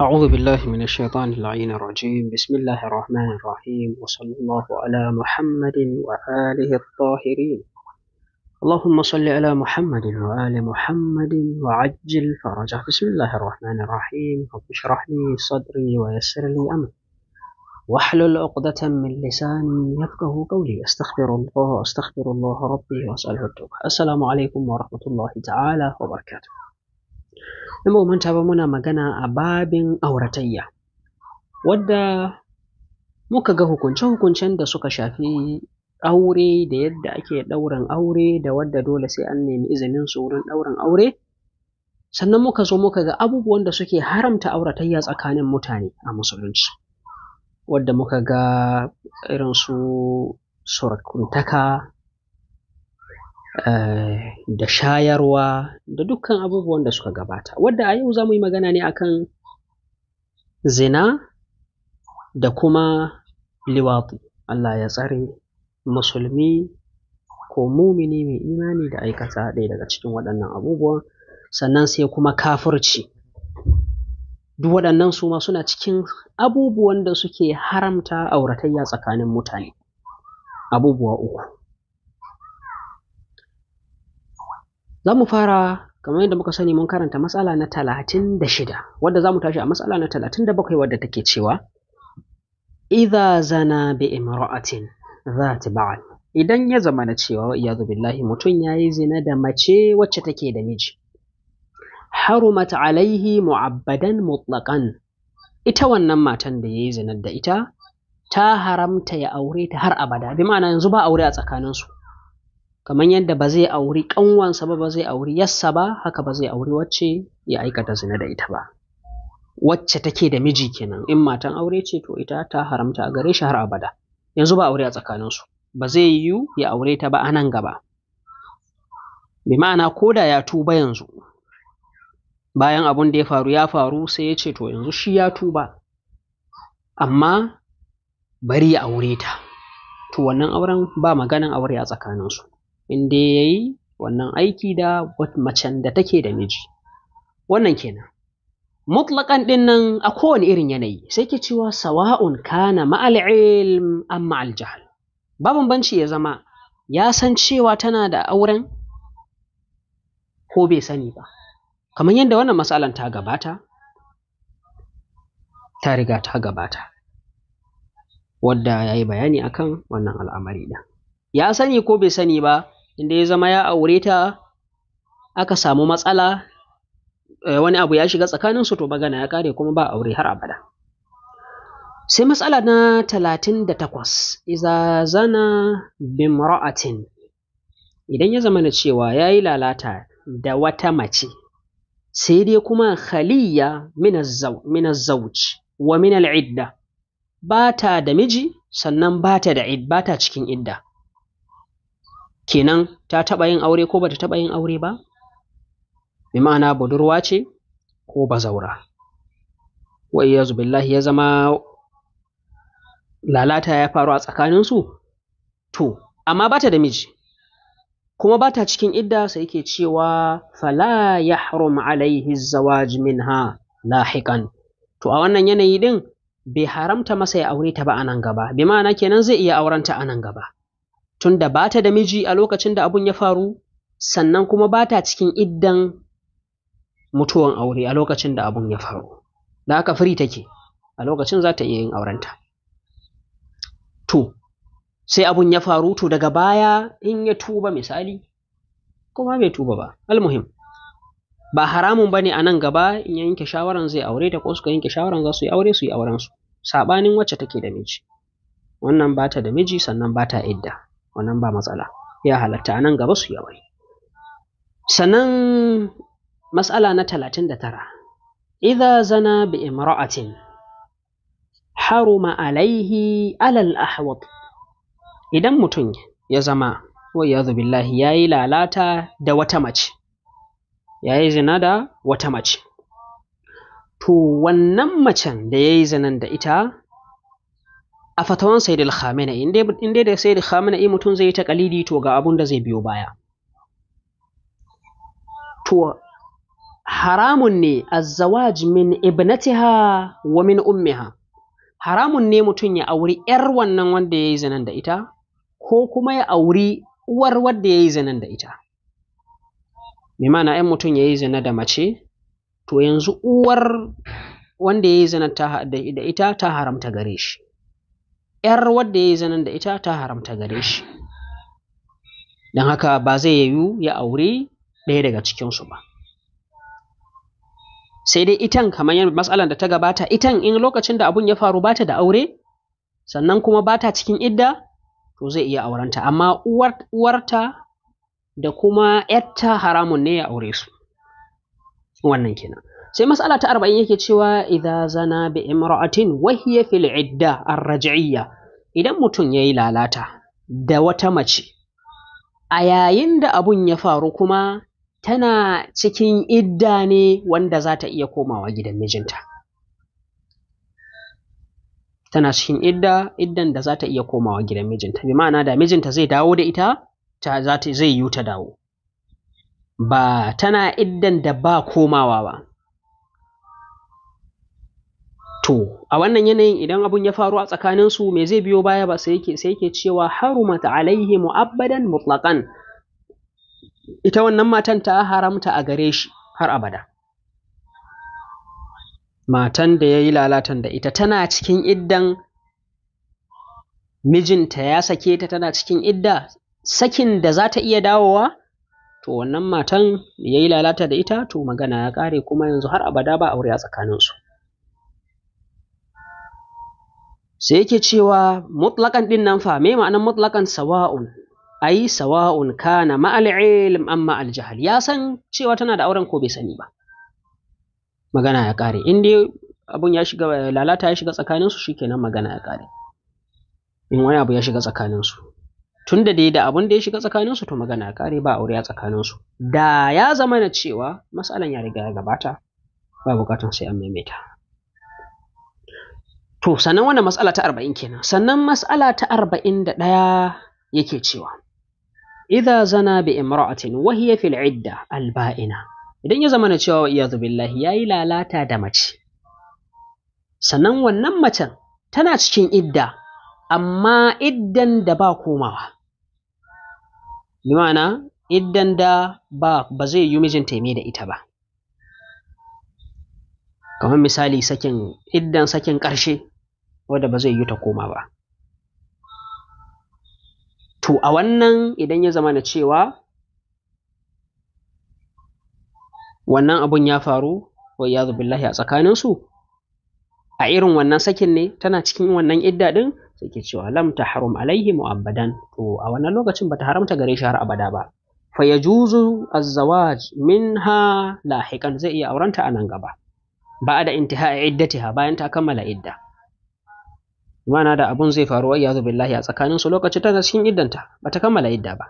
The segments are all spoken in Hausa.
أعوذ بالله من الشيطان اللعين الرجيم بسم الله الرحمن الرحيم وصلى الله على محمد وآله الطاهرين اللهم صل على محمد وآل محمد وعجل فرجه بسم الله الرحمن الرحيم رب اشرح لي صدري ويسر لي أمري واحلل عقدة من لساني يفقه قولي استغفر الله استغفر الله ربي واسأله التوبة السلام عليكم ورحمة الله تعالى وبركاته in ba manta muna magana a babin auratayya wadda muka ga hukunce-hukuncen da suka shafi aure da yadda ake ɗaurin aure da wadda dole sai an nemi izinin su wurin ɗaurin aure sannan muka zo muka ga abubuwan da suke haramta auratayya tsakanin mutane a musulunci wadda muka ga irin su surkuntaka Eh, da shayarwa da dukkan abubuwan da suka gabata wadda a yau za mu yi magana ne akan zina da kuma liwatu Allah ya tsare musulmi ko mumini mai imani da aikata ɗaya daga cikin waɗannan abubuwa sannan sai kuma kafirci duk waɗannan su ma suna cikin abubuwan da suke haramta auratayya tsakanin mutane abubuwa uku za mu fara kamar yadda muka sani mun karanta matsala na talatin da shida wadda za mu tashi a matsala na talatin da bakwai wadda take cewa idha zana bi imra'atin zata ba'al idan ya zama na cewa wa billahi mutum yayi zina da mace wacce take da miji harumat alaihi mu'abbadan mutlaqan ita wannan matan da yayi zina da ita ta haramta ya aure ta har abada bi ma'ana yanzu ba aure a tsakaninsu kamar yadda ba zai auri ƙanwansa ba ba zai auri yassa ba haka ba zai auri wacce ya aikata zina da ita ba wacce take da miji kenan in matan aure ce to ita ta haramta a gare shi har abada yanzu ba aure a tsakaninsu ba zai yiwu ya aure ta ba a nan gaba bi ma'ana ko da ya tuba yanzu bayan abun da ya faru ya faru sai ya ce to yanzu shi ya tuba amma bari ya aure ta to wannan auren ba maganan aure a tsakaninsu in dai ya yi wannan aiki da macen da take da miji wannan kenan mutlaƙan ɗin nan a kowane irin yanayi sai ke cewa sawa'un kana ma'al ilm am ma'al jahal ba bambanci ya zama ya san cewa tana da auren ko bai sani ba kamar yadda wannan matsalan ta gabata ta riga ta gabata wadda ya yi bayani akan wannan al'amari ɗin ya sani ko bai sani ba inda ya zama ya aure ta aka samu matsala eh, wani abu ya shiga tsakanin su to magana ya kare kuma ba aure har abada sai matsala na talatin da takwas iza zana bimra'atin idan ya zama na cewa ya yi lalata da wata mace sai dai kuma khaliya minas zauj wa minal idda ba ta da miji sannan ba ta da ba ta cikin idda kenan ta taɓa yin aure ko bata taɓa yin aure ba bi ma'ana budurwa ce ko bazaura wa iyazu billahi ya zama lalata ya faru a tsakaninsu to amma bata da miji kuma bata cikin idda sai yake cewa fala ya yahrum alaihi zawaj minha lahiqan to a wannan yanayi din bai haramta masa ya aure ta ba a nan gaba bi ma'ana kenan zai iya aurenta a nan gaba tunda ba ta da miji a lokacin da abun ya faru sannan kuma ba ta cikin iddan mutuwan aure a lokacin da abun ya faru da aka firi take a lokacin za ta iya yin aurenta to sai abun ya faru to daga baya in ya tuba misali kuma bai tuba ba almuhim ba haramun ba ne a nan gaba in ya yanke shawaran zai aure ta ko suka yanke shawaran za su yi aure su yi auren su sabanin wacce take da miji wannan ba ta da miji sannan ba ta idda wannan ba matsala ya halatta a nan gaba su yawai sannan matsala na talatin da tara idha zana bi imra'atin haruma alaihi alal ahwad idan mutum ya zama wayyadu billahi ya yi lalata da wata mace ya yi zina da wata mace to wannan macen da ya yi zinan da ita a fatawan sayyid khamenei in dai da sayyid khamenei mutum zai yi ta kalidi to ga abun da zai biyo baya to haramun ne azzawaj min ibnatiha wa min ummiha haramun ne mutum ya auri ‘yar wannan wanda ya yi zanen da ita, ko kuma ya auri uwar wanda ya yi zanen da ita. Mai mana ‘yan mutum ya yi zane da mace, to yanzu uwar wanda ya yi zanen da ita ta haramta gare shi. 'yar wadda ya yi zanen da ita ta haramta gare shi don haka ba zai yayu ya aure ɗaya daga cikinsu ba sai dai itan kamar yadda matsalar da ta gabata itan in lokacin da abun ya faru bata da aure sannan kuma bata cikin idda to zai iya aurenta amma uwarta da kuma 'yarta haramun ne ya aure su wannan kenan sai mas'ala ta arba'in yake cewa idan zana bi imra'atin wa hiya fil idda arraj'iyya idan mutum yayi lalata da wata mace a yayin da abun ya faru kuma tana cikin idda ne wanda za ta iya komawa gidan mijinta tana cikin idda iddan da za ta iya komawa gidan mijinta bi ma'ana da mijinta zai dawo da ita ta zai yi ta dawo ba tana iddan da ba komawa ba to a wannan yanayin idan abun ya faru a tsakaninsu, su me zai biyo baya ba sai yake sai yake cewa harumat alaihi mu'abbadan mutlaqan ita wannan matan ta haramta a gare shi har abada matan da ya yi lalatan da ita tana cikin iddan mijinta ya sake ta tana cikin idda sakin da za ta iya dawowa to wannan matan ya yi lalata da ita to magana ya kare kuma yanzu har abada ba aure a tsakaninsu sai yake cewa mutlaƙan ɗin nan fa me ma'anar mutlaƙan sawa'un ai sawa'un kana ma'al ilm amma al jahal ya san cewa tana da auren ko bai sani ba magana ya kare in dai abun ya shiga lalata ya shiga tsakanin su shikenan magana ya kare in wani abu ya shiga tsakanin su tun da dai da abun da ya shiga tsakanin su to magana ya kare ba aure a tsakanin su da ya zama na cewa masalan ya riga ya gabata ba bukatan sai an maimaita To, sannan wannan matsala ta arba'in kenan, sannan matsala ta arba'in da ɗaya yake cewa, Iza zana bi imra'atin wa hiya fil idda alba'ina. Idan ya zama zamana cewa wa iyazu billahi yayi lalata da mace. Sannan wannan macen tana cikin idda, amma iddan da ba komawa. Bi ma'ana, iddan da ba ba zai yi mijinta ya da ita ba. kamar misali sakin iddan sakin ƙarshe wadda ba zai yi ta koma ba to a wannan idan ya zama na cewa wannan abun ya faru wa ya billahi a tsakaninsu a irin wannan sakin ne tana cikin wannan idda din suke cewa lam ta harum alaihi mu'abbadan to a wannan lokacin bata haramta gare shi har abada ba fa yajuzu az-zawaj minha lahiqan zai iya aurenta a nan gaba ba'da intihai iddatiha bayan ta kammala idda mana da abun zai faru wai yazu billahi a tsakanin su lokaci tana cikin iddanta bata kammala idda ba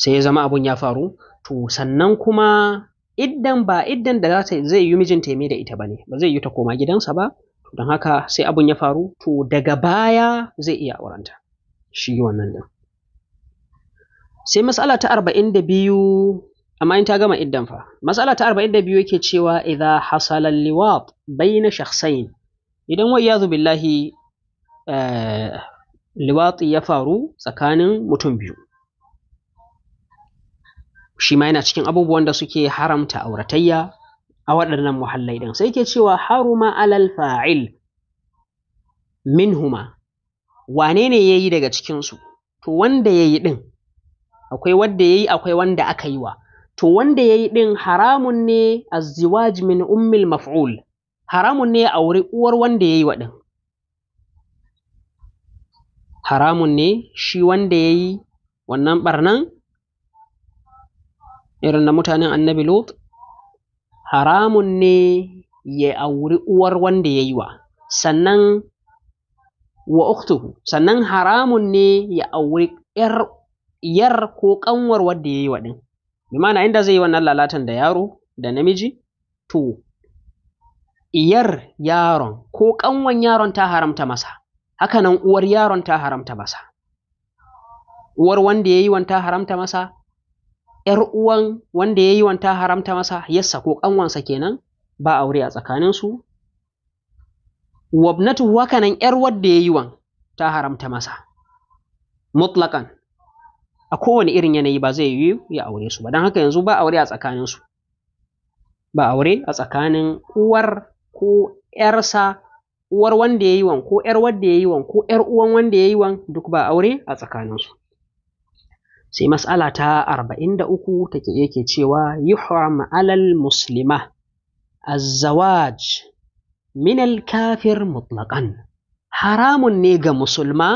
sai ya zama abun ya faru to sannan kuma iddan ba iddan da za zai yi mijin taimi da ita bane ba zai yi ta koma gidansa ba don haka sai abun ya faru to daga baya zai iya aurenta shi wannan din sai matsala ta arba'in da biyu amma in ta gama iddan fa matsala ta 42 yake cewa idza hasala liwat bayna shakhsayn idan wai yazu billahi eh, liwat ya faru tsakanin mutum biyu shi ma yana cikin abubuwan da suke haramta auratayya a waɗannan muhallai din sai ke cewa haruma alal fa'il minhuma wane ne yayi daga daga cikinsu to wanda yayi din, akwai wanda yayi, akwai wanda aka yi wa to wanda ya yi ɗin haramun ne azziwaj min ummil maf'ul haramun ne a wuri uwar wanda ya yi waɗin haramun ne shi wanda ya yi wannan ɓarnan irin na mutanen annabi lot haramun ne ya auri uwar wanda ya yi wa sannan wa uktuhu sannan haramun ne ya auri yar ko ƙanwar wanda ya yi wa bi mana inda zai yi wannan lalatan da yaro da namiji to iyar yaron ko kanwan yaron ta haramta masa Hakanan uwar yaron ta haramta masa uwar wanda ya yi wanta haramta masa ‘yar uwan wanda ya yi wanta haramta masa yassa ko kanwansa kenan ba aure a tsakaninsu wabnatu tuhu hakanan ‘yar wadda ya yi wan ta haramta masa mutlaƙan a kowane irin yanayi ba zai yiwu ya aure su ba don haka yanzu ba aure a tsakanin su ba aure a tsakanin uwar ko ‘yarsa uwar wanda ya yi wan ko ‘yar wanda ya yi wan ko ‘yar uwan wanda ya yi wan duk ba aure a tsakanin su. Sai mas'ala ta arba'in da uku take yake cewa yuhram alal muslima azzawaj minal kafir mutlaqan haramun ne ga musulma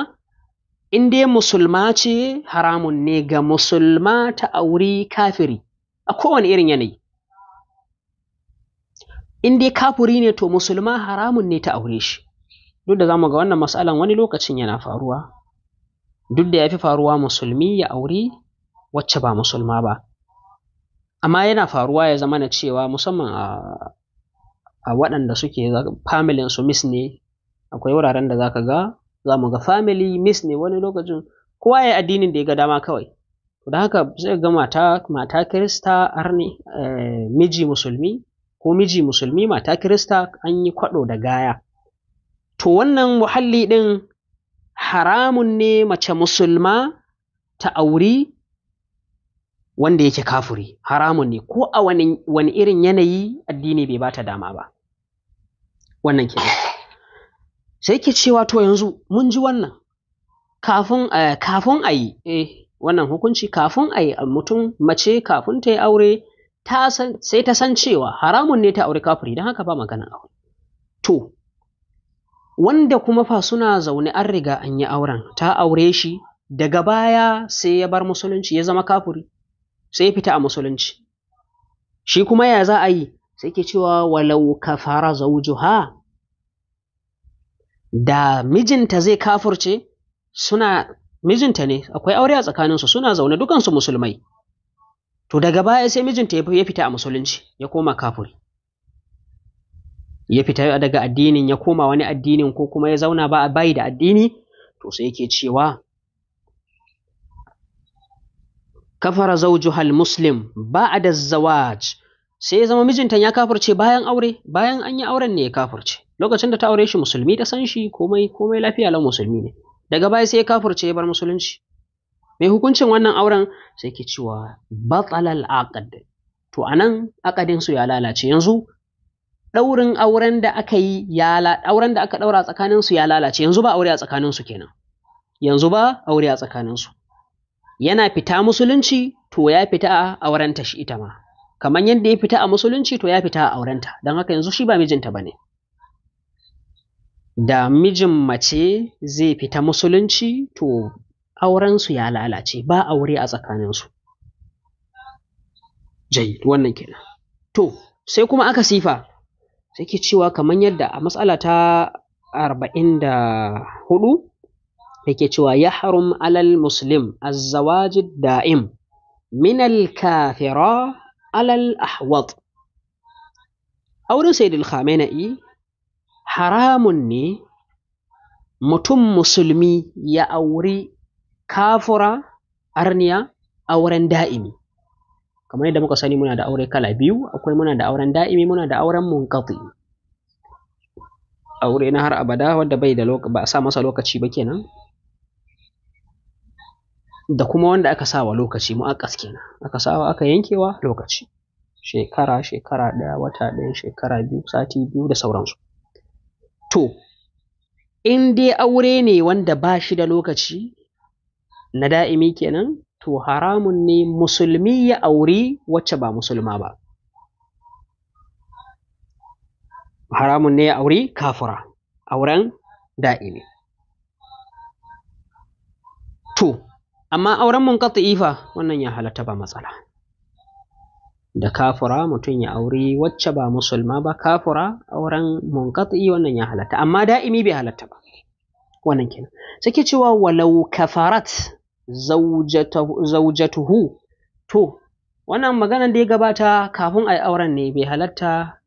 in dai musulma ce haramun ne ga musulma ta auri kafiri a kowane irin yanayi in dai kafiri ne to musulma haramun ne ta aure shi duk da zamu ga wannan matsalan wani lokacin yana faruwa duk da ya fi faruwa musulmi ya auri wacce ba musulma ba amma yana faruwa ya zama na cewa musamman a waɗanda suke familin mis ne akwai wuraren da zaka ga za mu ga family miss ne wani lokacin kowa ya addinin da ya ga dama kawai to da haka sai ga mata mata kirista har eh, miji musulmi ko miji musulmi mata kirista an yi kwado da gaya to wannan muhalli din haramun ne mace musulma ta auri wanda yake kafuri haramun ne ko a wani irin yanayi addini bai bata dama ba wannan kenan sai ke cewa to yanzu mun ji wannan kafin eh, kafin a yi eh, wannan hukunci kafin a yi mutum mace kafin ta yi aure ta sai ta san cewa haramun ne ta aure kafiri don haka ba maganan aure to wanda kuma fa suna zaune an riga an yi auren ta aure shi daga baya sai ya bar musulunci ya zama kafuri sai ya fita a musulunci shi kuma ya za a yi sai ke cewa walau kafara ha? da mijinta zai kafurce suna mijinta ne akwai aure a tsakaninsu suna zaune dukansu musulmai to daga baya sai mijinta ya fita a musulunci ya koma kafuri ya fita daga addinin ya koma wani addinin ko kuma ya zauna ba bayi da addini to sai yake cewa kafara hal muslim da zawaj sai ya zama mijinta ya kafurce bayan aure bayan an yi auren ne ya kafurce. lokacin da ta aure shi musulmi ta san shi komai komai lafiya lau musulmi ne daga baya sai ya kafirce ya bar musulunci mai hukuncin wannan auren sai ke cewa batalal aqd to anan aqadin su ya lalace yanzu daurin auren da aka yi ya auren da aka daura tsakanin su ya lalace yanzu ba aure a tsakanin su kenan yanzu ba aure a tsakanin su yana fita musulunci to ya fita a aurenta shi ita ma kamar yadda ya fita a musulunci to ya fita a aurenta don haka yanzu shi ba mijinta bane ne da mijin mace zai fita musulunci to aurensu ya lalace ba aure a tsakaninsu Jai, wannan kenan to sai kuma aka sifa sai ke cewa kamar yadda a matsala ta arba'in da hudu yake cewa ya harum alal muslim azzawajid da'im minal kafira alal ahwat auren sayyidul khamenei haramun ne mutum musulmi ya auri kafura arniya auren da'imi kamar yadda muka sani muna da aure kala biyu akwai muna da auren da'imi muna da auren munkati aure na har abada wanda bai da ba a sa masa lokaci ba kenan da kuma wanda aka sawa lokaci mu'akkas kenan aka wa aka yankewa lokaci shekara shekara ɗaya wata ɗaya shekara biyu sati biyu da sauransu To, in dai aure ne wanda ba shi da lokaci, na da'imi kenan, to haramun ne musulmi ya auri wacce ba musulma ba. Haramun ne ya auri kafura, auren da'imi. To, amma auren mun ifa, wannan ya halatta ba matsala. da kafura mutum ya auri wacce ba musulma ba kafura auren munqati wannan ya halatta amma da'imi bai halatta ba wannan kenan suke cewa walau kafarat zaujatuhu to wannan maganar da ya gabata kafin a yi auren ne bai halatta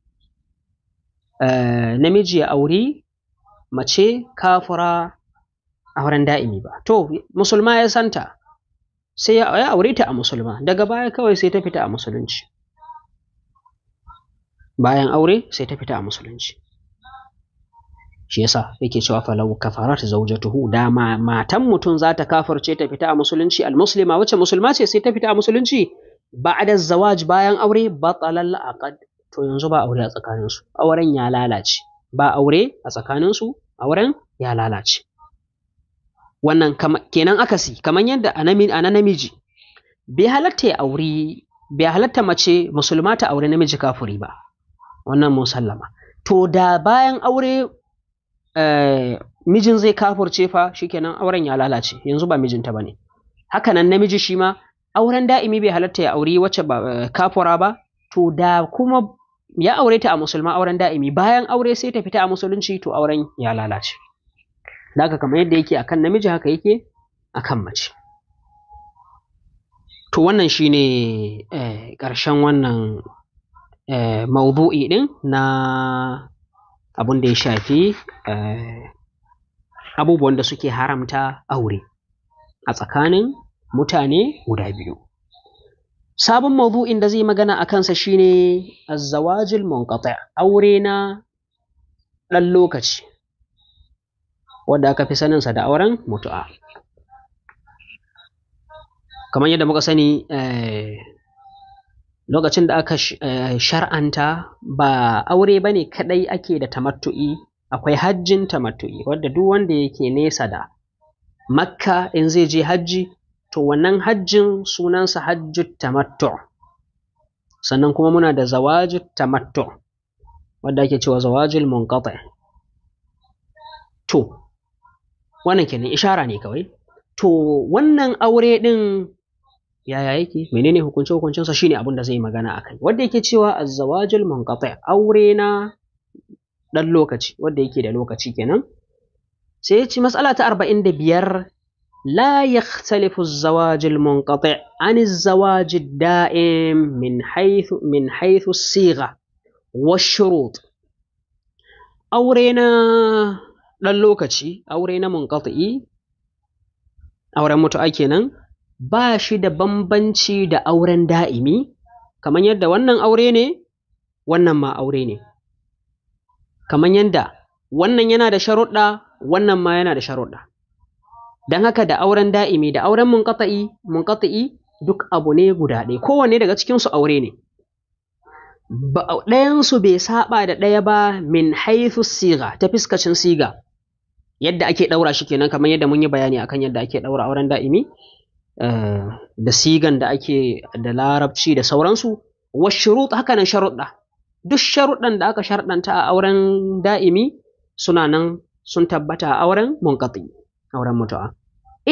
eh, namiji ya auri mace kafura auren da'imi ba to musulma ya santa sai ya aure ta a musulma daga baya kawai sai ta fita a musulunci bayan aure sai ta fita a musulunci shi yasa yake cewa falau kafarat zawjatuhu da ma matan mutum za ta kafirce ta fita a musulunci almuslima wacce musulma ce sai ta fita a musulunci ba'da zawaj bayan aure ba talal aqad to yanzu ba aure a tsakaninsu auren ya lalace ba aure a tsakaninsu auren ya lalace wannan kenan akasi kaman yadda ana namiji bi halatta ya bi halatta mace musulma ta aure namiji kafuri ba wannan musallama to da bayan aure eh, mijin zai kafurce fa shikenan auren ya lalace yanzu ba mijinta bane haka nan namiji shi ma auren da'imi bai halarta ya auri wacce ba eh, kafura ba to da kuma ya aure ta a musulma auren da'imi bayan aure sai ta fita a musulunci to auren ya lalace daga kamar yadda yake akan namiji haka yake akan mace to wannan shine eh, ƙarshen wannan Eh, maudu'i ɗin na abun da ya shafi eh, abubuwan da suke haramta aure a tsakanin mutane guda biyu sabon maudu'in da zai magana a kansa shine azzawajil munqati aure na ɗan lokaci wanda aka fi saninsa da auren mutu'a kamar yadda muka sani eh, lokacin da aka eh, shar'anta ba aure bane kadai ake da tamattu'i akwai hajjin tamattu'i wadda duk wanda yake nesa da makka in zai je hajji to wannan hajjin sunansa hajjut tamattu sannan kuma muna da zawajut tamattu wadda ake cewa zawajul munqati to wannan kenan ishara ne kawai to wannan aure din yaya yake menene hukunce sa shine abin da zai magana akai wanda yake cewa azzawajul munqati aure na dan lokaci wanda yake da lokaci kenan sai ya ce mas'ala ta 45 لا يختلف الزواج min عن الزواج الدائم من حيث من حيث الصيغة والشروط أورينا للوكتشي أورينا منقطعي أورينا kenan. ba shi da bambanci da auren da'imi kamar yadda wannan aure ne wannan ma aure ne kamar yadda wannan yana da sharuɗa wannan ma yana da sharuɗa don haka da auren da'imi da auren munƙata'i munƙata'i duk abu ne guda ɗaya kowanne daga cikinsu aure ne ɗayansu bai saɓa da ɗaya ba min haifu siga ta fiskacin siga yadda ake ɗaura shi kenan kamar yadda mun yi bayani akan yadda ake ɗaura auren da'imi Eh, da sigan da ake da larabci da sauransu washurut haka nan sharuɗa duk sharuɗan da aka sharɗanta a auren da'imi suna nan sun tabbata a auren munqati auren mutuwa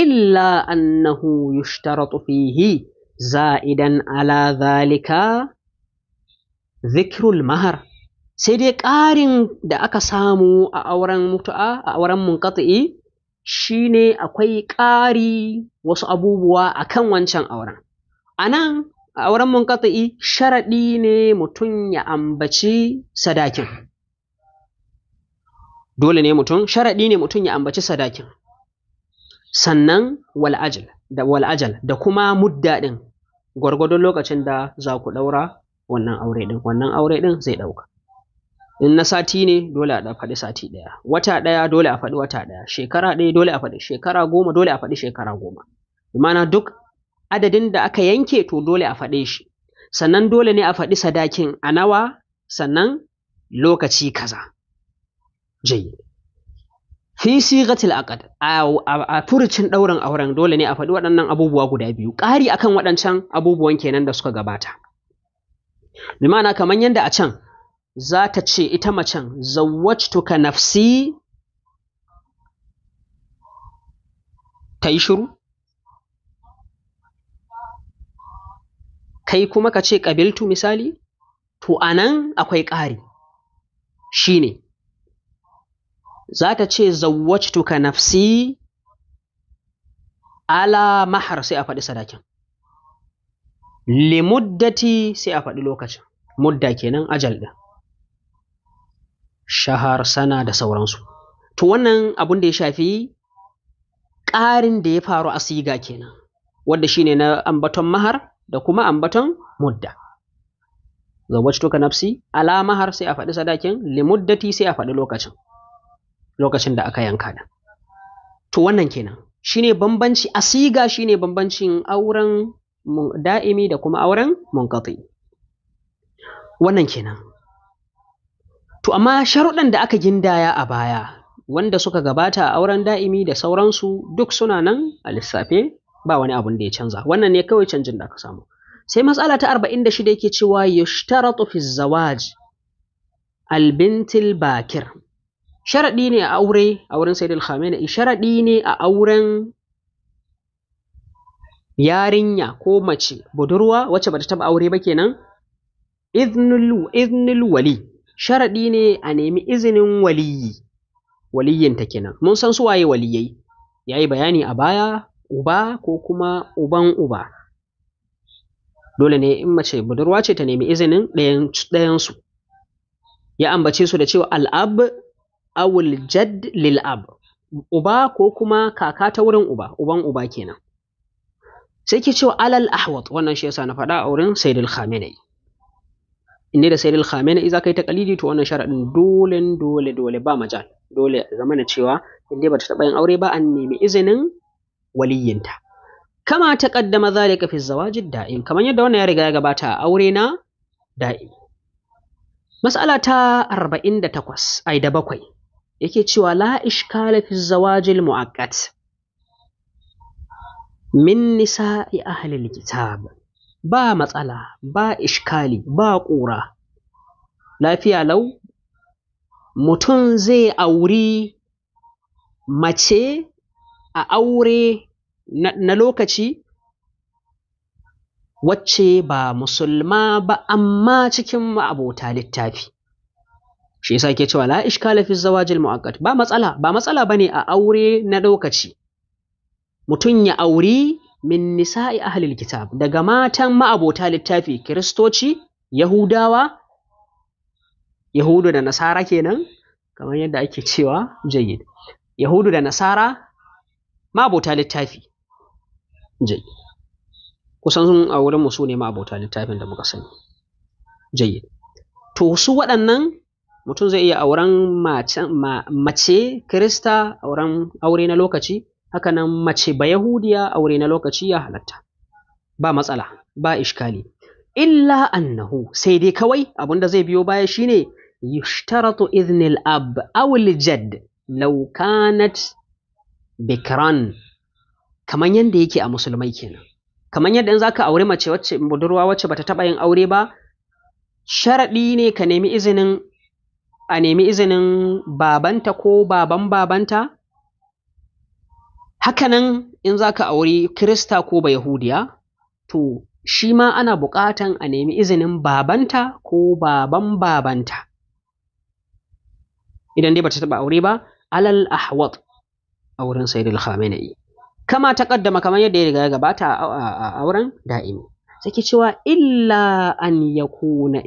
illa annahu yushtaratu fihi za'idan ala zalika zikrul mahar sai dai ƙarin da aka samu a auren mutu'a a auren munƙat'i shine akwai ƙari wasu abubuwa a kan wancan auren a nan a auren munkata'i sharaɗi ne mutum ya ambaci sadakin dole ne mutum sharaɗi ne mutum ya ambaci sadakin sannan wal'ajal da wal'ajal da kuma muddaɗin ɗin gwargwadon lokacin da za ku ɗaura wannan aure ɗin wannan aure ɗin zai ɗauka in na sati ne dole a faɗi sati ɗaya wata ɗaya dole a faɗi wata ɗaya shekara ɗaya dole a faɗi shekara goma dole a faɗi shekara goma imana duk adadin da aka yanke to dole a faɗe shi sannan dole ne a faɗi sadakin a nawa sannan lokaci kaza jayi fi sigatil aqd a furucin ɗaurin auren dole ne a faɗi waɗannan abubuwa guda biyu ƙari akan waɗancan abubuwan kenan da suka gabata bimana kamar yadda a can za ta ce ita macen zawwajtuka nafsi ta yi shiru kai kuma ka ce ƙabiltu misali to a nan akwai ƙari shi ne za ta ce zawwajtuka nafsi ala mahar sai a faɗi sadakin limuddati sai a faɗi lokacin mudda kenan ajal ɗin shahar sana da sauransu to wannan abun da ya shafi ƙarin da ya faru a siga kenan wanda shine na ambaton mahar da kuma ambaton mudda ka nafsi ala mahar sai a faɗi sadakin limuddati sai a faɗi lokacin lokacin da aka yanka da to wannan kenan shine bambanci siga shine bambancin auren da'imi da kuma auren munqati wannan kenan To amma sharuɗan da aka gindaya a baya wanda suka gabata a auren da'imi da sauransu duk suna nan a lissafe ba wani abun da ya canza wannan ne kawai canjin da aka samu sai matsala ta 46 yake cewa yushtaratu fi zawaj albintil bakir sharaɗi ne a aure a wurin sayyidul khamina sharaɗi ne a auren yarinya ko mace budurwa wacce bata taɓa aure ba kenan iznul wali sharaɗi ne a nemi izinin waliyi waliyinta kenan mun san su waye waliyai ya yi bayani a baya uba ko kuma uban uba dole ne in mace budurwa ce ta nemi izinin ɗayansu ya ambace su da cewa al'ab awul jad lil'ab uba ko kuma kaka ta wurin uba uban uba kenan sai ke cewa alal ahwat wannan shi yasa na faɗa a wurin saidul khamenei inda da sayyidul khamenei za kai ta takalidi to wannan sharadin dole dole dole ba majal dole zama na cewa inda ba ta taɓa yin aure ba an nemi izinin waliyinta kama ta kaddama zalika fi zawajid da'im kamar yadda wannan ya riga ya gabata a aure na da'i mas'ala ta 48 ai da bakwai yake cewa la ishkala fi zawajil mu'aqqat min nisa'i ahli alkitab ba matsala ba ishkali ba ƙura lafiya lau mutum zai auri mace a aure na, lokaci wacce ba musulma ba amma cikin ma'abota littafi shi yasa ke cewa la ishkala fi zawajil mu'aqqat ba matsala ba matsala bane a aure na lokaci mutum ya auri min nisa'i ahlil kitab daga matan ma'abota littafi kiristoci yahudawa yahudu da nasara kenan kamar yadda ake cewa jayyid yahudu da nasara ma'abota littafi jayyid kusan sun a wurin su ne ma'abota littafin da muka sani jayyid to su waɗannan mutum zai iya auren mace kirista auren aure na lokaci hakanan mace ba yahudiya aure na lokaci ya halatta ba matsala ba ishkali illa annahu sai dai kawai da zai biyo baya shine yushtaratu iznil ab aw jad law kanat bikran kaman yanda yake a musulmai kenan kaman yadda in zaka aure mace wacce budurwa wacce bata taba yin aure ba Sharaɗi ne ka nemi izinin a nemi izinin babanta ko baban babanta Hakanan in za ka auri Kirista ko ba Yahudiya, to shi ma ana buƙatan a nemi izinin babanta ko baban babanta. Idan dai bata taɓa aure ba, alal ahwat a wurin Sayyidul Khamenei. Kama ta ƙaddama kamar yadda ya riga ya gabata a auren da'imi. Sake cewa illa an yakuna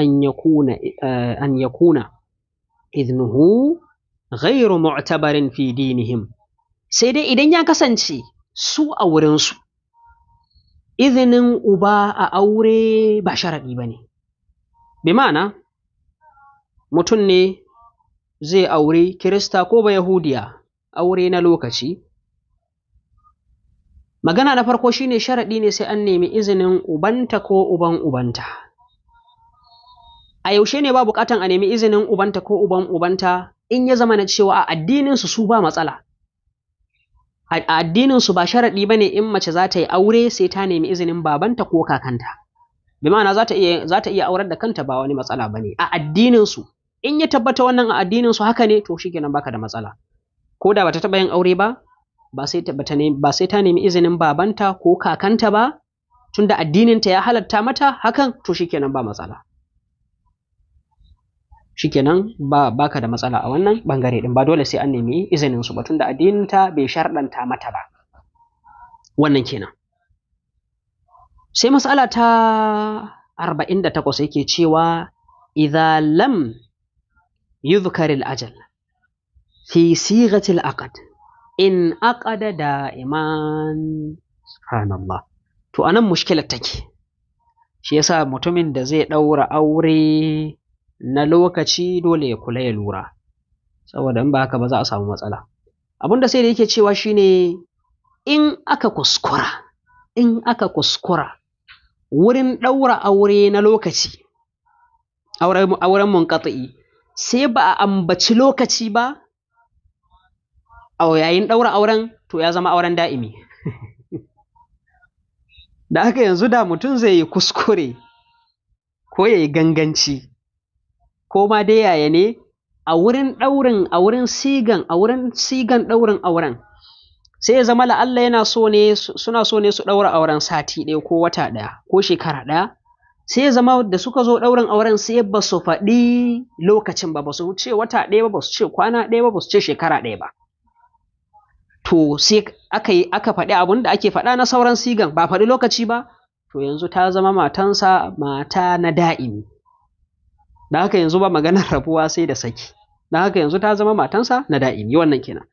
an yakuna eh, an yakuna iznuhu ghairu mu'tabarin fi dinihim sai dai idan ya kasance su a wurinsu izinin uba a aure ba sharaɗi ba ne bi ma'ana mutum ne zai aure kirista ko ba yahudiya aure na lokaci magana na farko shine sharaɗi ne sai an nemi izinin ubanta ko uban ubanta a yaushe ne ba bukatan a nemi izinin ubanta ko uban ubanta in ya zama na cewa a addininsu su ba matsala a addinin su ba sharaɗi bane in mace za ta yi aure sai ta nemi izinin babanta ko kakanta bi ma'ana za ta iya za aurar da kanta ba wani matsala bane a addininsu, in ya tabbata wannan a addinin su haka ne to shikenan baka da matsala ko da ta taɓa yin aure ba ba sai ta nemi izinin babanta ko kakanta ba tunda addininta ya halatta mata hakan to shikenan ba matsala shikenan ba baka da matsala a wannan bangare din ba dole sai an nemi izinin su batun tunda addinin ta bai sharɗanta mata ba wannan kenan sai mas'ala ta 48 yake cewa idza lam yuzkar al-ajal fi sighati al-aqd in aqada da'iman subhanallah to anan mushkilar take shi yasa mutumin da zai daura aure na lokaci dole ya kula ya lura saboda in ba haka ba za a samu matsala abinda sai da yake cewa shine in aka kuskura in aka kuskura wurin ɗaura aure na lokaci auren munkatsi sai ba a ambaci lokaci ba a yayin ɗaura auren to ya zama auren da'imi da haka yanzu da mutum zai yi kuskure ko ya yi ganganci ko ma dai yaya ne a wurin ɗaurin a wurin sigan a wurin sigan ɗaurin auren sai ya zama la'alla yana so ne suna so ne su ɗaura auren sati ɗaya ko wata ɗaya ko shekara ɗaya sai ya zama da suka zo ɗaurin auren sai ba su faɗi lokacin ba ba su ce wata ɗaya ba ba su ce kwana ɗaya ba ba su ce shekara ɗaya ba to sai aka yi aka faɗi abin da ake faɗa na sauran sigan ba faɗi lokaci ba to yanzu ta zama matansa mata na da'imi da haka yanzu ba maganar rabuwa sai da saki da haka yanzu ta zama matansa na da'imi wannan kenan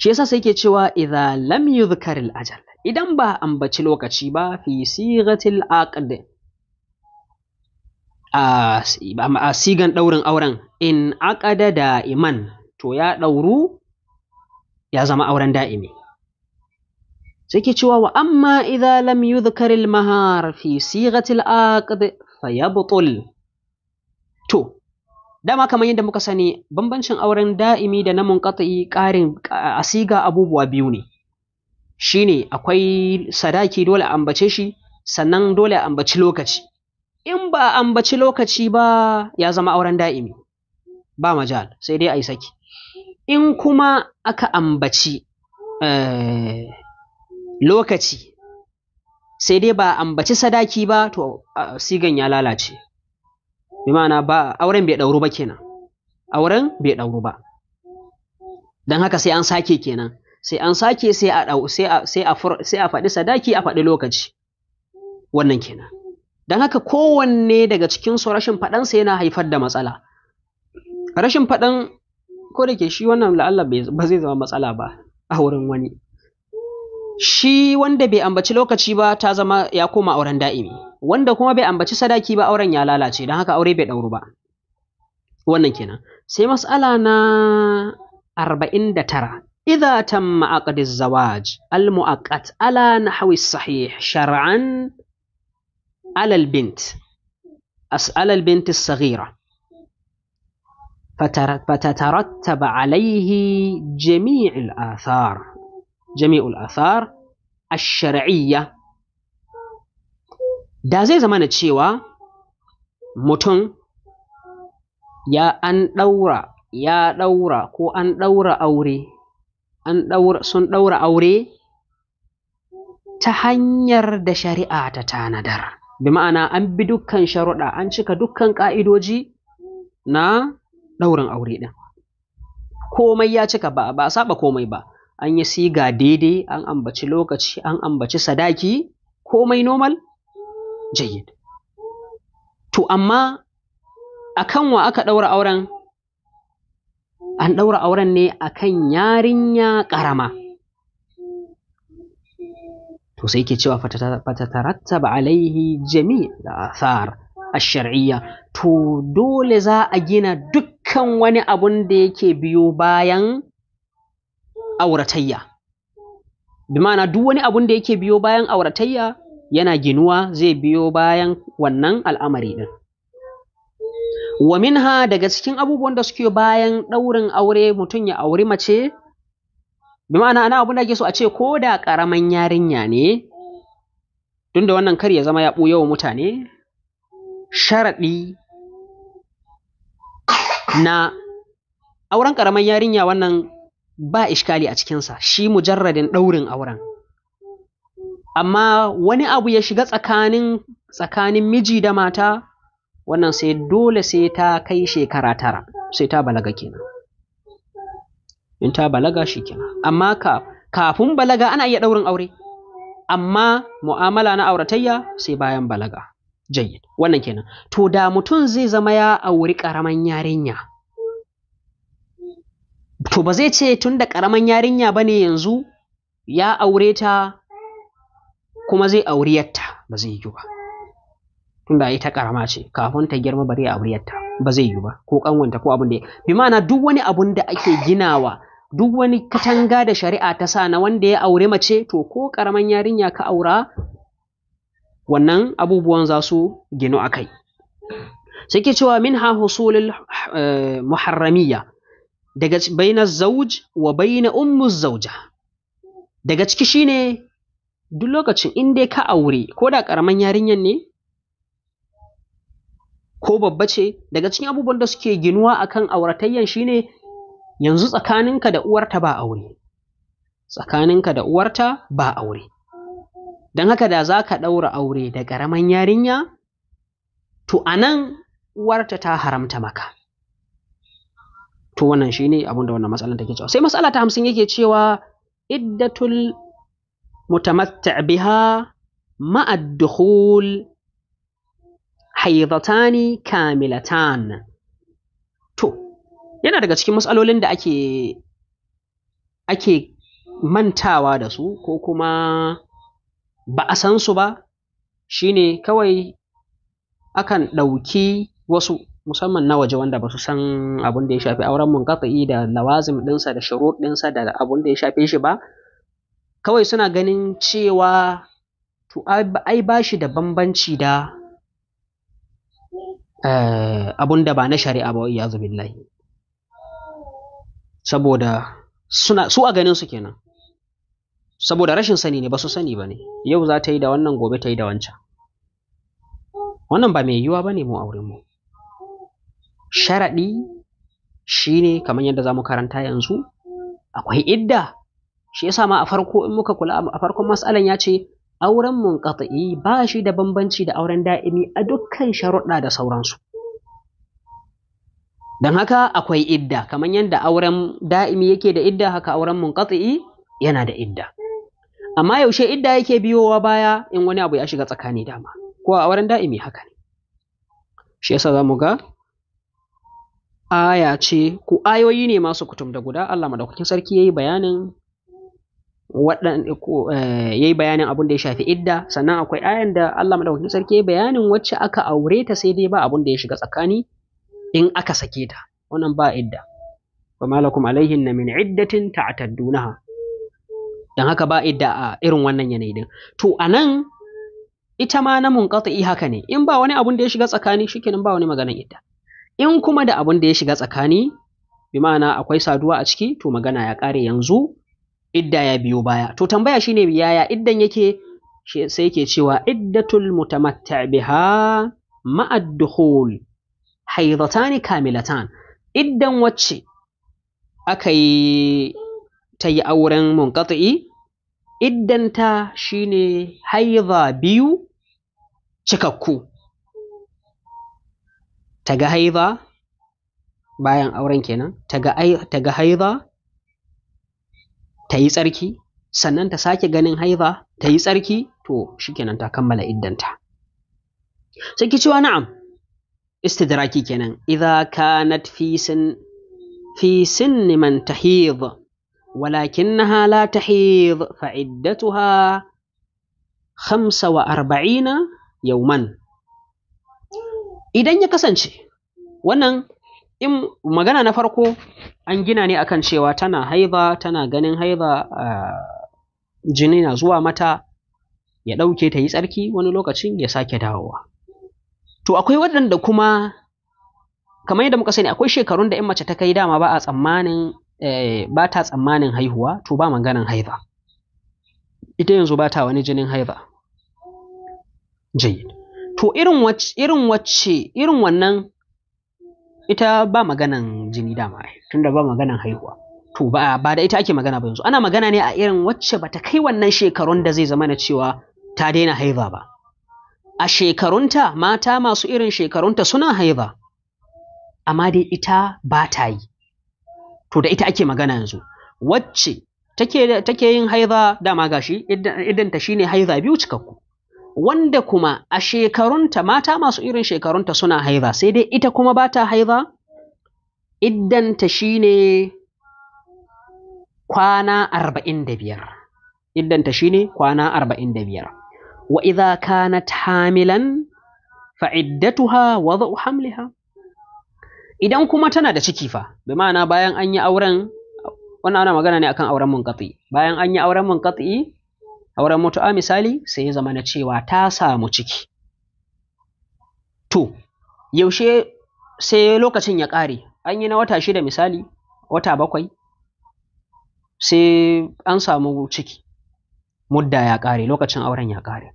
shi yasa sai ke cewa idza lam yuzkar al ajal idan ba ambaci lokaci ba fi sigatil aqd a sigan daurin auren in aqada da iman to ya dauru ya zama auren da'imi sai ke cewa wa amma idza lam yuzkar al mahar fi sigatil aqd fayabtul to dama kamar yadda muka sani bambancin auren da'imi da na munƙata'i ƙarin asiga abubuwa biyu ne Shi ne akwai sadaki dole a ambace shi sannan dole a ambaci lokaci in ba a ambaci lokaci ba ya zama auren da'imi ba majal sai dai a yi saki in kuma aka ambaci eh, lokaci sai dai ba a ambaci sadaki ba to sigan ya lalace bi ma'ana ba auren bai ɗauru ba kenan auren bai ɗauru ba don haka sai an sake kenan sai an sake sai a sai a faɗi sadaki a faɗi lokaci wannan kenan don haka kowanne daga cikin su rashin faɗansa yana haifar da matsala rashin faɗan ko da ke shi wannan la'alla ba zai zama matsala ba a wurin wani shi wanda bai ambaci lokaci ba ta zama ya koma auren da'imi wanda kuma bai ambaci sadaki ba auren ya lalace dan haka aure bai ɗauru ba wannan kenan sai mas'ala na 49 idza tamma aqd az-zawaj al-mu'aqqat ala nahwi as-sahih shar'an ala al-bint as'ala al-bint as-saghira فتترتب عليه جميع الآثار جميع الآثار الشرعية da zai zama na cewa mutum ya an ɗaura ya ɗaura ko an ɗaura aure an ɗaura sun ɗaura aure ta hanyar da shari'a ta tanadar bi ma'ana an bi dukkan sharuɗa an cika dukkan ƙa'idoji na ɗaurin aure ɗin komai ya cika ba ba saba komai ba an yi siga daidai an ambaci lokaci an ambaci sadaki komai normal jayyid to amma akan wa aka ɗaura auren an ɗaura auren ne akan yarinya ƙarama to sai ke cewa ba alaihi jami da athar a shariyya to dole za a gina dukkan wani abun da yake biyo bayan auratayya bi duk wani abun da yake biyo bayan auratayya yana ginuwa zai biyo bayan wannan al'amari din. Wa minha daga cikin abubuwan da suke bayan ɗaurin aure mutum ya auri mace, bi ma'ana ana abin da ake so a ce ko da ƙaramin yarinya ne, tun wannan kar ya zama ya ɓuya mutane, sharaɗi na auren ƙaramin yarinya wannan ba ishkali a cikinsa, shi mujarradin ɗaurin auren. amma wani abu ya shiga tsakanin tsakanin miji da mata wannan sai dole sai ta kai shekara tara sai ta balaga kenan in ta balaga shi kenan amma ka kafin balaga ana iya ɗaurin aure amma mu'amala na auratayya sai bayan balaga jayyid wannan kenan to da mutum zai zama ya auri karaman yarinya to ba zai ce tun da karaman yarinya bane yanzu ya aure ta kuma zai auri yatta ba zai yi ba tunda ita karama ce kafin ta girma bari a auri yatta ba zai yi ba ko kanwanta ko abin da bi ma'ana duk wani abun da ake ginawa duk wani katanga da shari'a ta sa na wanda ya aure mace to ko karaman yarinya ka aura wannan abubuwan za su ginu a kai suke cewa min ha husulul eh, muharramiya daga baina zauj wa baina ummu zauja daga ciki shine duk lokacin in dai ka aure ko da karaman yarinyar ne ko babba ce daga cikin abubuwan da suke ginuwa akan auratayyan shine yanzu tsakaninka da uwarta ba aure tsakaninka da uwarta ba aure don haka da za ka ɗaura aure da ƙaramin yarinya to a nan uwarta ta haramta maka to wannan shine abin da wannan matsalar take cewa sai matsala ta hamsin yake cewa iddatul متمتع بها مع الدخول حيضتان كاملتان to yana daga cikin matsalolin da ake ake mantawa da su ko kuma ba a san su ba shine kawai akan ɗauki wasu musamman na waje wanda ba su san abin da ya shafi auren munqati da lawazim ɗinsa da shiru ɗinsa da abin da ya shafe shi ba kawai suna ganin cewa to ai ba shi da bambanci da eh, abun da ba na shari'a ba ya billahi saboda suna su a ganin su kenan saboda rashin sani ne ba su sani ba ne yau za ta yi da wannan gobe ta yi da wancan wannan ba mai yiwuwa ba ne mu wurin mu sharaɗi shine kamar yadda za mu karanta yanzu akwai idda shi yasa ma a farko in muka kula a farkon mas'alan ya ce auren munqati ba shi da bambanci da auren da'imi a dukkan sharuɗa da sauransu don haka akwai idda kamar yadda auren da'imi yake da idda haka auren munqati yana da idda amma yaushe idda yake biyowa baya in wani abu ya shiga tsakani dama ko a auren da'imi haka ne shi yasa zamu ga aya ce ku ayoyi ne masu kutum da guda Allah madaukakin sarki yayi bayanin Eh, yayi bayanin abun da ya shafi idda sannan akwai ayan da Allah madaukakin sarki ya bayanin wacce aka aure ta sai dai ba abun da ya shiga tsakani in aka sake ta wannan ba idda wa malakum alaihin na min iddatin ta'taddunaha dan haka ba idda a irin wannan yanayi din to anan ita ma na munqati haka ne in ba wani abun da ya shiga tsakani shikenan ba wani maganan idda in kuma da abun da ya shiga tsakani bi ma'ana akwai saduwa a ciki to magana ya kare yanzu idda ya biyo baya to tambaya shine yaya iddan yake sai yake cewa iddatul mutamatta biha ma'ad dukhul haidatan kamilatan iddan wacce aka yi ta yi auren munqati iddanta shine haidha biyu cikakku taga bayan auren kenan ta ga haidha ta yi tsarki sannan ta sake ganin haifa ta yi tsarki to shikenan ta kammala iddanta sai ki cewa na'am istidraki kenan idza kanat fi sin fi sinni man tahid ولكنها لا تحيض فعدتها خمسة وأربعين يوما إذا يكسنش wannan in magana na farko an gina ne akan cewa tana haiba tana ganin haiba jini na zuwa mata ya ɗauke ta yi tsarki wani lokacin ya sake dawowa to akwai waɗanda kuma kamar yadda muka sani akwai shekarun da in mace ta kai dama ba a tsammanin eh, ba ta tsammanin haihuwa to ba maganan haiba ita yanzu ba ta wani jinin haiba jayi to irin wacce irin wannan ita ba maganan jini dama tunda ba maganan haihuwa to ba ba da ita ake magana ba yanzu ana magana ne a irin wacce bata kai wannan shekarun da zai zama na cewa ta daina haiba ba a shekarunta mata masu irin shekarunta suna haiba amma dai ita ba ta yi to da ita ake magana yanzu wacce take yin haiza dama gashi idan ta shine haiza biyu cikakku wanda kuma a shekarunta mata masu irin shekarunta suna haiza sai dai ita kuma ba ta haiza iddanta shine kwana arba'in da biyar iddanta shine kwana arba'in da wa iza kanat hamilan fa iddatuha wada'u hamliha idan kuma tana da ciki fa bi ma'ana bayan an yi auren wannan ana magana ne akan auren munqati bayan an yi auren munqati auren mutu'a misali sai ya zama na cewa ta samu ciki to yaushe sai lokacin ya ƙare an yi na wata shida misali wata bakwai sai an samu ciki mudda ya ƙare lokacin auren ya ƙare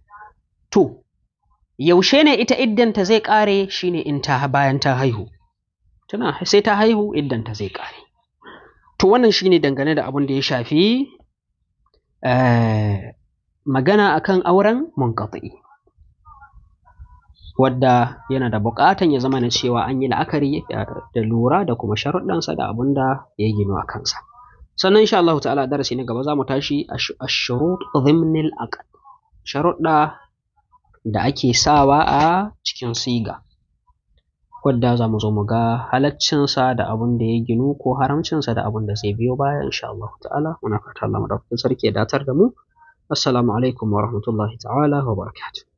to yaushe ne ita iddanta zai ƙare shine in ta bayan ta haihu tana sai ta haihu iddanta zai ƙare to wannan shine dangane da abin da ya shafi eh, magana akan auren munqati wadda yana da buƙatan ya zama na cewa an yi la'akari da lura da kuma sharuɗansa da abin da ya gino a kansa sannan insha Allah ta'ala darasi na gaba za mu tashi a dhimnil aqd sharuɗa da ake sawa a cikin siga wadda za mu zo mu ga halaccinsa da abin da ya ginu ko haramcinsa da abin da zai biyo baya insha Allah ta'ala muna fata Allah madaukakin sarki ya datar da mu السلام عليكم ورحمة الله تعالى وبركاته